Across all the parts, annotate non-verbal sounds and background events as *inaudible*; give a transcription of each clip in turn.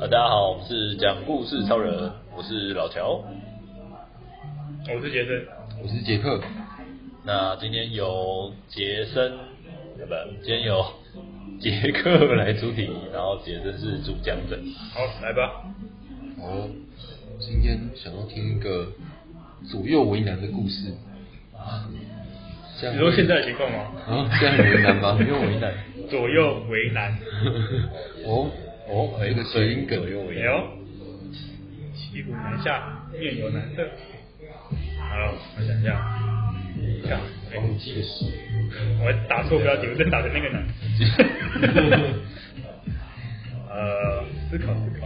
大家好，我們是講故事超人，我是老喬，我是傑森，我是傑克。那今天由傑森，是不是？今天由傑克來主題，然後傑森是主講者。好，來吧。好，今天想要聽一個左右為難的故事啊？你說現在的情況嗎？啊，現在很為難嗎？左右為難。左右為難。哦哦，還有一個諧音梗左右為難。哎呦，騎虎難下，面有難色。好、嗯，Hello, 我想一下。啊， *laughs* 很機智。我打錯標題，我正打的那個男。呃、 *laughs* *laughs* *laughs* *laughs* uh,，思考思考。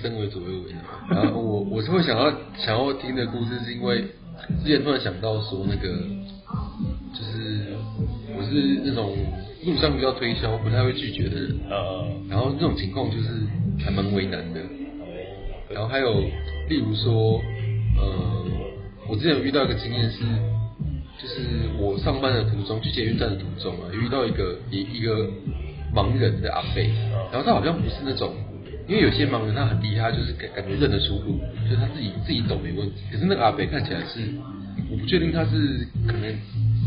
身為左右為難，啊，然後我我是會想要想要聽的故事，是因為之前突然想到說那個，就是我是那種路上比較推銷不太會拒絕的人，呃，然後這種情況就是還蠻為難的，然後還有例如說，呃，我之前有遇到一個經驗是，就是我上班的途中去捷運站的途中啊，遇到一個一一個盲人的阿伯，然後他好像不是那種。因為有些盲人他很厲害，他就是感感覺認得出路，就是，他自己自己走沒問題。可是那個阿伯看起來是，我不確定他是可能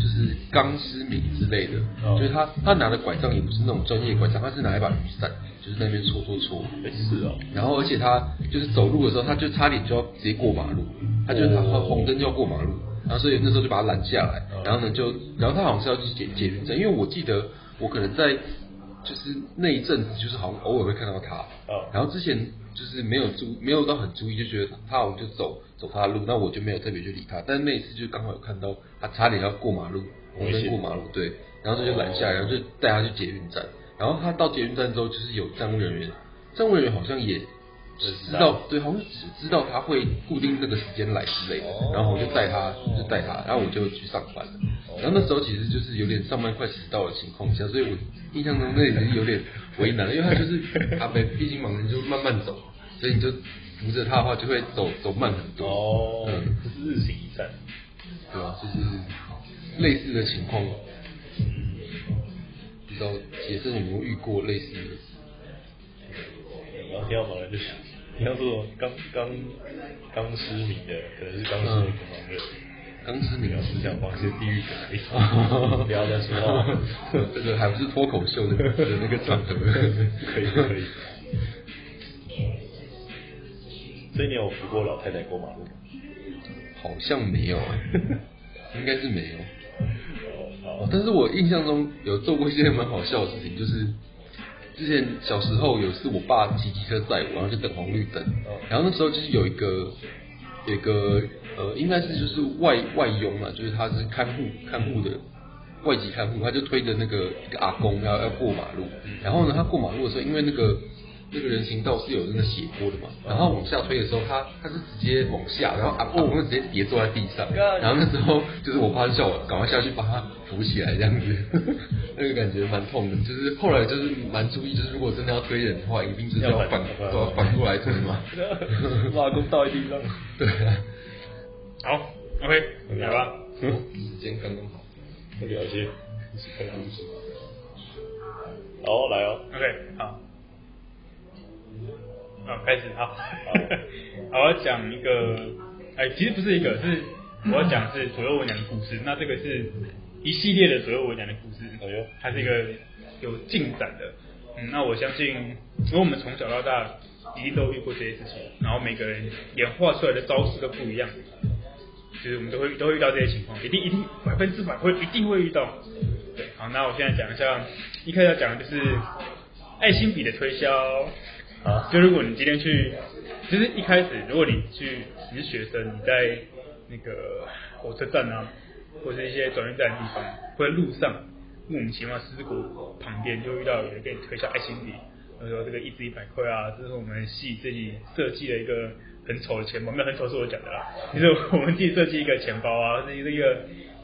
就是剛失明之類的，就是他他拿的拐杖也不是那種專業的拐杖，他是拿一把雨傘，就是在那邊戳戳戳。是哦。然後而且他就是走路的時候，他就差點就要直接過馬路，他就紅燈就要過馬路，然後所以那時候就把他攔下來，然後呢就，然後他好像是要去解解雨傘，因為我記得我可能在。就是那一陣子，就是好像偶爾會看到他，然後之前就是沒有注，沒有到很注意，就覺得他好像就走走他的路，那我就沒有特別去理他。但是那一次就剛好有看到他，差點要過馬路，紅燈過馬路，對，然後就就攔下來，然後就帶他去捷運站。然後他到捷運站之後，就是有站務人員，站務人員好像也。知道、啊、對，好像只知道他會固定這個時間來之類的，哦，然後我就帶他，就帶他，然後我就去上班了，哦。然後那時候其實就是有點上班快遲到的情況下，所以我印象中那已經有點為難了，因為他就是，阿伯，畢竟盲人就慢慢走，所以你就扶着他的話就會走走慢很多。哦，這、嗯、是日行一善，對吧，啊？就是類似的情況，不知道傑森有沒有遇過類似的？然、嗯、後我二天就想。要做剛剛剛失明的，可能是剛失明的盲人。剛失明要思想放一些地獄感，不要再說話。這、啊、個、啊、還不是脫口秀的那個那個場合，可以可以。最近我扶過老太太過馬路嗎？好像沒有、欸，哎，應該是沒有、嗯哦。但是我印象中有做過一些蠻好笑的事情，就是。之前小時候有一次我爸騎機車載我，然後就等紅綠燈，然後那時候就是有一個，有一個呃應該是就是外外傭嘛，就是他是看護看護的外籍看護，他就推着那個一個阿公要要過馬路，然後呢他過馬路的時候，因為那個。這、那個人行道是有那個斜坡的嘛，然後往下推的時候他，他他是直接往下，然後阿、啊、婆、哦、我們直接跌坐在地上、啊，然後那時候就是我爸叫我趕快下去把他扶起來這樣子，呵呵那個感覺蠻痛的，就是後來就是蠻注意，就是如果真的要推人的話，一定是要反反過來推嘛，罷公倒在地上。嗯嗯嗯、 *laughs* 對、啊，好，OK，來、okay, 吧、okay. 啊，時間剛剛好，不聊些，開好來哦，OK，好。開始好，好，好，好，好，好，我要講一個，哎、欸，其實不是一個，是我要講是左右為難的故事。那這個是一系列的左右為難的故事，它是一個有進展的。嗯，那我相信，因為我們從小到大一定都遇過這些事情，然後每個人演化出來的招式都不一樣，就是我們都會都會遇到這些情況，一定一定百分之百會一定會遇到。好，那我現在講一下，一開始要講的就是愛心筆的推銷。啊，就如果你今天去，其實，就是一開始如果你去只是學生，你在那個火車站啊，或是一些轉運站的地方，或者路上莫名其妙屍骨旁邊，就遇到有人給你推銷愛心筆，他說這個一支一百塊啊，這是我們系自己設計的一個很醜的錢包，那很醜是我講的啦，就是我們自己設計一個錢包啊，這是一個，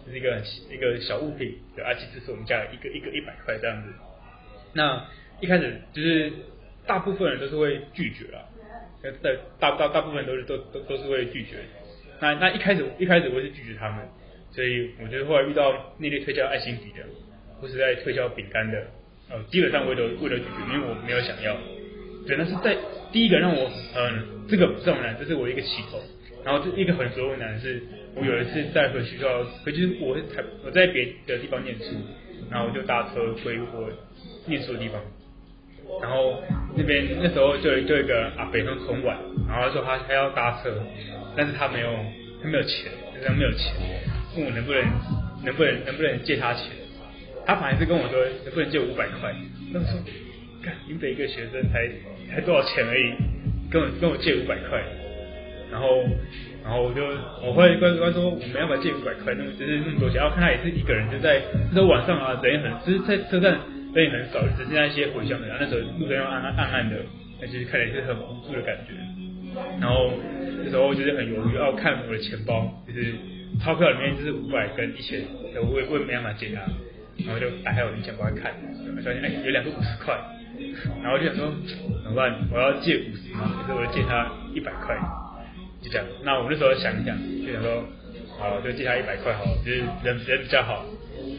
就是一個一個小物品，愛心支是我們加一個一個一百塊這樣子，那一開始就是。大部分人都是會拒絕啊，大大大，大部分人都是都都都是會拒絕的。那那一開始一開始我是拒絕他們，所以我就後來遇到那些推銷愛心筆的，或是在推銷餅乾的，呃，基本上我都為了拒絕，因為我沒有想要。對，那是在第一個讓我很，嗯，這個不是很難，這是我一個起頭。然後這一個很難的是，我有一次在回學校，回就是我我在別的地方念書，然後我就搭車回我念書的地方。然後那邊那時候就就一個阿北很很晚，然後他說他他要搭車，但是他沒有他沒有錢，他沒有錢，問、嗯、我能不能能不能能不能借他錢，他反而是跟我說能不能借五百塊，那時候看台北一個學生才才多少錢而已，跟我跟我借五百塊，然後然後我就我會怪怪，怪說我沒辦法借五百塊，那麼只是那麼多錢，然後、就是嗯、看他也是一個人就在那時候晚上啊，人也很，就是在車站。所以很少，只剩下一些回鄉的、啊。那時候路燈又暗暗暗暗的，就是看起來就是很無助的感覺。然後那時候就是很猶豫，要看我的錢包，就是鈔票裡面就是五百跟一千，我問問沒辦法借他，然後就打開我的錢包看，發現哎有兩個五十塊，然後就想說怎麼辦？我要借五十嗎？可、就是我要借他一百塊，就這樣，那我那時候想一想，就想說好，就借他一百塊好了，就是人人比較好。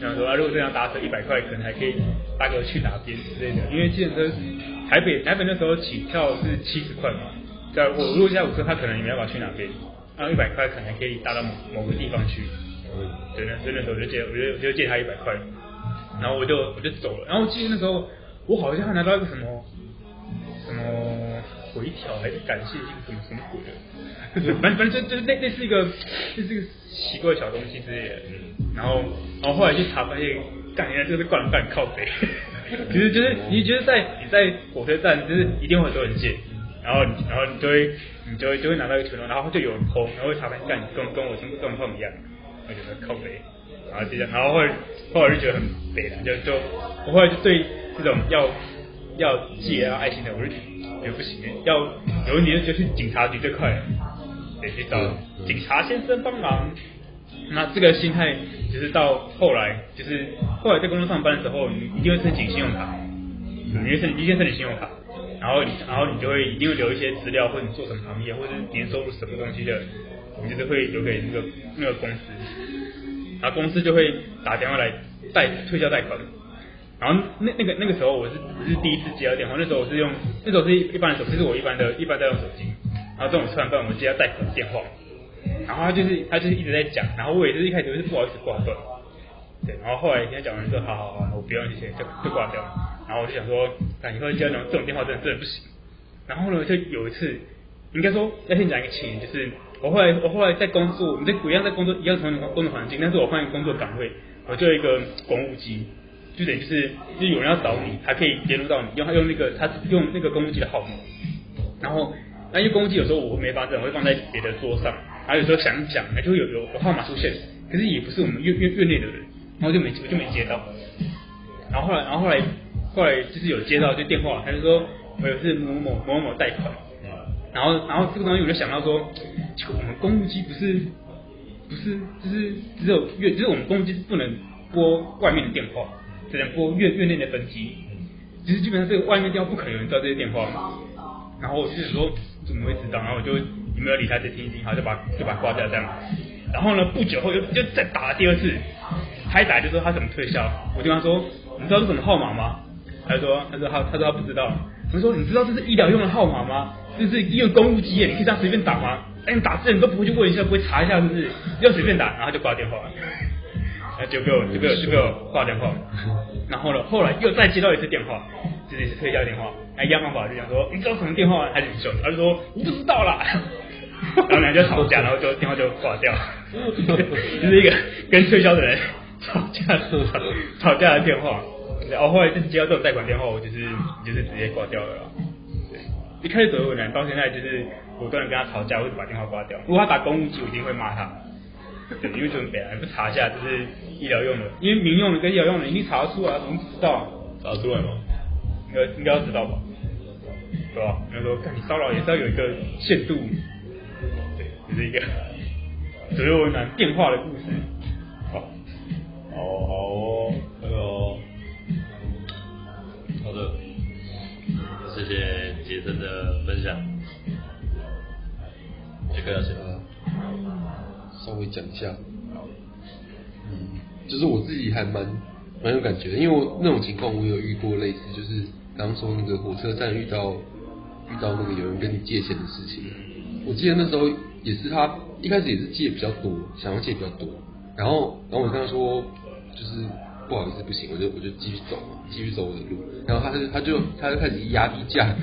就想說啊，如果這樣打成一百塊，可能還可以。大哥去哪邊之類的，因為計程車台北台北，那時候起跳是七十塊嘛，在我如果下午車，他可能也沒有辦法去哪邊，然後一百塊可能可以搭到某某個地方去對。對，所以那時候我就借，我就我就借他一百塊，然後我就我就走了。然後我記得那時候我好像還拿到一個什麼什麼回條還是感謝信，什麼什麼鬼的，反正反正就就那類一個類、就是一個奇怪的小東西之類的。嗯，然後然後後來去查發現。感覺就是慣犯靠北。 *laughs* 其實就是你覺得在你在火車站就是一定會有人借，然後然後就你就會你就會就會拿到一個拳頭，然後就有人偷，然後會查看像跟跟我跟跟痛一樣，我覺得靠北。然後就這樣，然後後來後來覺得很北了，就就我後來就對這種要要借啊，愛心的，我就覺得不行、欸，要有問題就覺得去警察局最快，得去找警察先生幫忙。那這個心態。就是到後來，就是後來在公司上班的時候，你一定會申請信用卡，你會申請，一定申請信用卡，然後你然後你就會一定會留一些資料，或者你做什麼行業，或者是年收入什麼東西的，你就是會留給那個那個公司，然後公司就會打電話來貸推銷貸款，然後那那個那個時候我是我是第一次接到電話，那時候我是用那時候是一般的手機，是我一般的一般在用手機，然後中午吃完飯，我們接到貸款電話。然後他就是他就是一直在講，然後我也就是一開始就是不好意思掛斷，對，然後後來跟他講完就說，好好好，我不要這些，就就掛掉。然後我就想說，哎，以後就要講這種電話真的真的不行。然後呢，就有一次，應該說要先講一個前因，就是我後來我後來在工作，我們跟古一樣在工作一樣同工作環境，但是我換一個工作崗位，我做一個公務機，就等於是就有人要找你，他可以聯絡到你，用他用那個他用那個公務機的號碼。然後那因為公務機有時候我會沒法整，我會放在別的桌上。還有時候想想，就會有有號碼出現，可是也不是我們院院院內的人，然後就沒就沒接到。然後後來，然後後來，後來就是有接到這電話，他就說我有是某某某某某貸款，然後然後這個東西我就想到說，我們公務機不是不是就是只有院，只、就、有、是、我們公務機不能撥外面的電話，只能撥院院內的分機。其實基本上這個外面電話不可能有人知道這些電話嘛。然後我就想說怎麼會知道？然後我就。沒有理他，就聽一聽，好，就把就把掛掉這樣。然後呢，不久後又又再打了第二次，他一打就說他怎麼推銷，我就跟他說：“你知道是什麼號碼嗎？”他就說：“他說他他說他不知道。他他知道”我說：“你知道這是醫療用的號碼嗎？這是醫院公務機耶，你可以這樣隨便打嗎？哎，你打字你都不會去問一下，不會查一下是不是就要隨便打？”然後就掛電話了，他就給我就給我就給我掛電話。然後呢，後來又再接到一次電話，這裡是推銷電話，哎一樣方法就講說：“你知道什麼電話還是你說：“他說我不知道啦 *laughs* 然後倆就吵架，然後就電話就掛掉， *laughs* 就是一個跟推銷的人吵架的吵架的吵架的電話，然後後來就是接到這種貸款電話，我就是就是直接掛掉了。一開始左右為難，到現在就是我不斷的跟他吵架，我就把電話掛掉。如果他打公務機，我一定會罵他。對，因為準備啊，還不查一下就是醫療用的，因為民用的跟醫療用的，已經查得出來，我們知道、啊。查得出來嗎？應該應該要知道吧？對吧、啊？然後說：“幹，你騷擾也是要有一個限度。”是一個左右為難電話的故事。好，好好，那個好的，謝謝傑森的分享。這個要先稍微講一下。嗯，就是我自己還蠻蠻有感覺的，因為我那種情況我有遇過類似，就是剛說那個火車站遇到遇到那個有人跟你借錢的事情，我記得那時候。也是他一開始也是借比較多，想要借比較多，然後然後我跟他說就是不好意思，不行，我就我就繼續走繼續走我的路。然後他就他就他就開始壓低價格，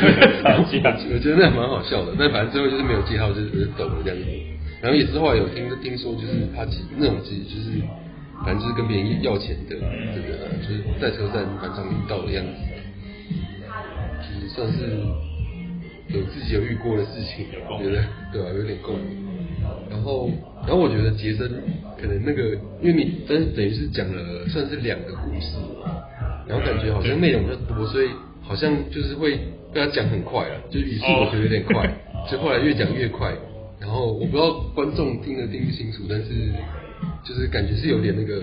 *laughs* *laughs* 我覺得那還蠻好笑的。但反正最後就是沒有借，號就是就走了這樣子。然後也是後來有聽聽說，就是他那種其實就是反正就是跟別人要錢的這個，就是在車站蠻常遇到的樣子，算是。有自己有遇過的事情，我覺得對吧？有點共。然後，然後我覺得傑森可能那個，因為你真等於是講了算是兩個故事，然後感覺好像內容比較多，所以好像就是會被他講很快了，就語速我覺得有點快，oh. 就後來越講越快。然後我不知道觀眾聽得聽不清楚，但是就是感覺是有點那個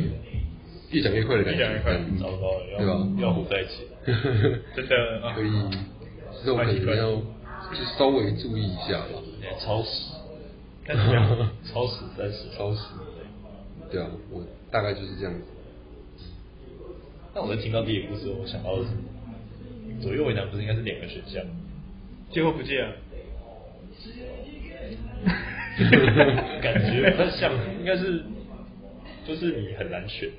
越講越快的感覺。越講越快，糟糕了，對吧？要合在一起，真的可以，關係快哦。就稍微注意一下了、欸。超時，超時，但是超時。對啊，我大概就是這樣子。那我在聽到第一個故事，我想到的是左右為難，不是應該是兩個選項，最後不見了？ *laughs* *laughs* 感覺不太像， *laughs* 應該是就是你很難選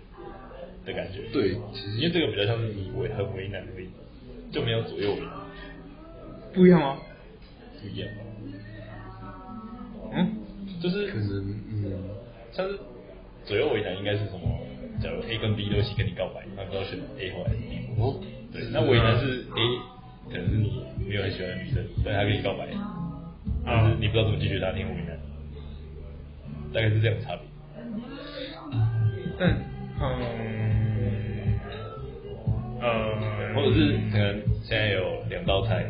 的感覺。對，其實因為這個比較像是你為很為難，所以就沒有左右了。不一樣嗎？嗯，就是，嗯，像是左右為難，應該是什麼？假如 A 跟 B 都一起跟你告白，那不知道選 A 還是 B？哦，對，那為難是 A，、嗯、可能是你沒有很喜歡的女生，所以他跟你告白、嗯，但是你不知道怎麼拒絕他，挺為難。大概是這樣的差別。嗯，嗯，呃，或者是可能現在有兩道菜。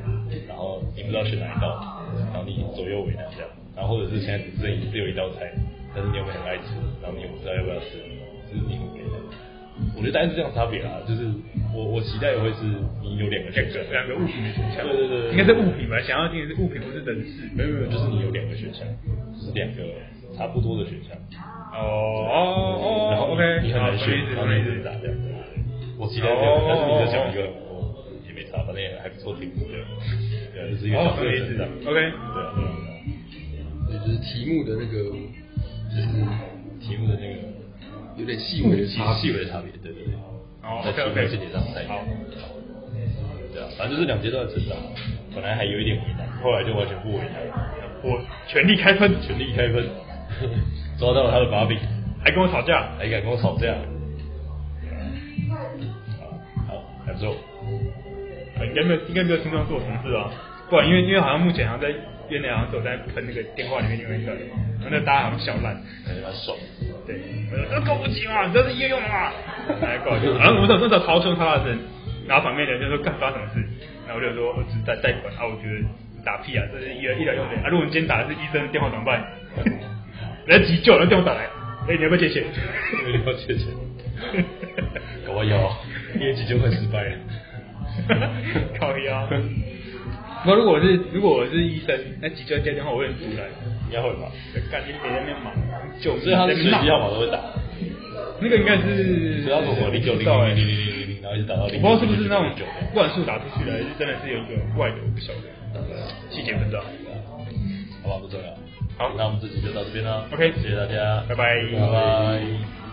然後你不知道選哪一道，然後你左右為難這樣，然後或者是現在你只有一只有一道菜，但是你有沒有很愛吃，然後你也不知道要不要吃，就是你，我覺得大概是這樣差別啦、啊。就是我我期待會是你有兩個選擇。兩個物品的選項，對,對對對，應該是物品吧？想要聽的是物品不是等事，沒有沒有，就是你有兩個選項，就是兩個差不多的選項。哦哦,哦然後你哦 OK，你很難選，很難選這樣、啊哦？我期待這樣。哦、但是你的想法，你就講一個，也沒差，反正也,也還不錯聽。哦，對對對，OK，對，對對，就是題目的那個，就是題目的那個有點細微的、細、嗯、細微的差別，對對對。哦、喔、OK OK。好。對啊，反正就是兩階段成長，本來還有一點為難，後來就完全不為難。我全力開噴，全力開噴，抓到了他的把柄，還跟我吵架，還敢跟我吵架。吵架對對對好，還不錯。應該沒有，應該沒有平常做同事啊。不，因為因為好像目前好像在院內好像都在噴那個電話裡面有一個，是然後那大家好像笑爛，感覺蠻爽。對，我說這夠、啊、不起了，你這是醫用啊，然後過來然後我們這這找超聲他的人，然後旁邊人就說幹發什麼事？然後我就說我只在在貸款啊，我覺得打屁啊，這是醫醫療用的。啊，如果你今天打的是醫生的電話怎麼辦？來 *laughs* 急救，來電話打來，哎、欸、你要不要借錢？ *laughs* 嗯、你要不要借錢？靠 *laughs* 腰，一急救就會失敗了。靠 *laughs* 腰。如果我是如果我是醫生，那脊椎的話我會很出來，應該會吧？感覺別人在忙，九、就是所以他的自己號碼都會打，那個應該是要我零，道哎，零零零零零，然後一直打到零。不知道是不是那種九，萬數打出去的，還是真的是有一個怪的我細節，我不曉得。啊，謝謝分享，好吧，不重要。好，那我們這集就到這邊了。OK，謝謝大家，拜拜，拜拜。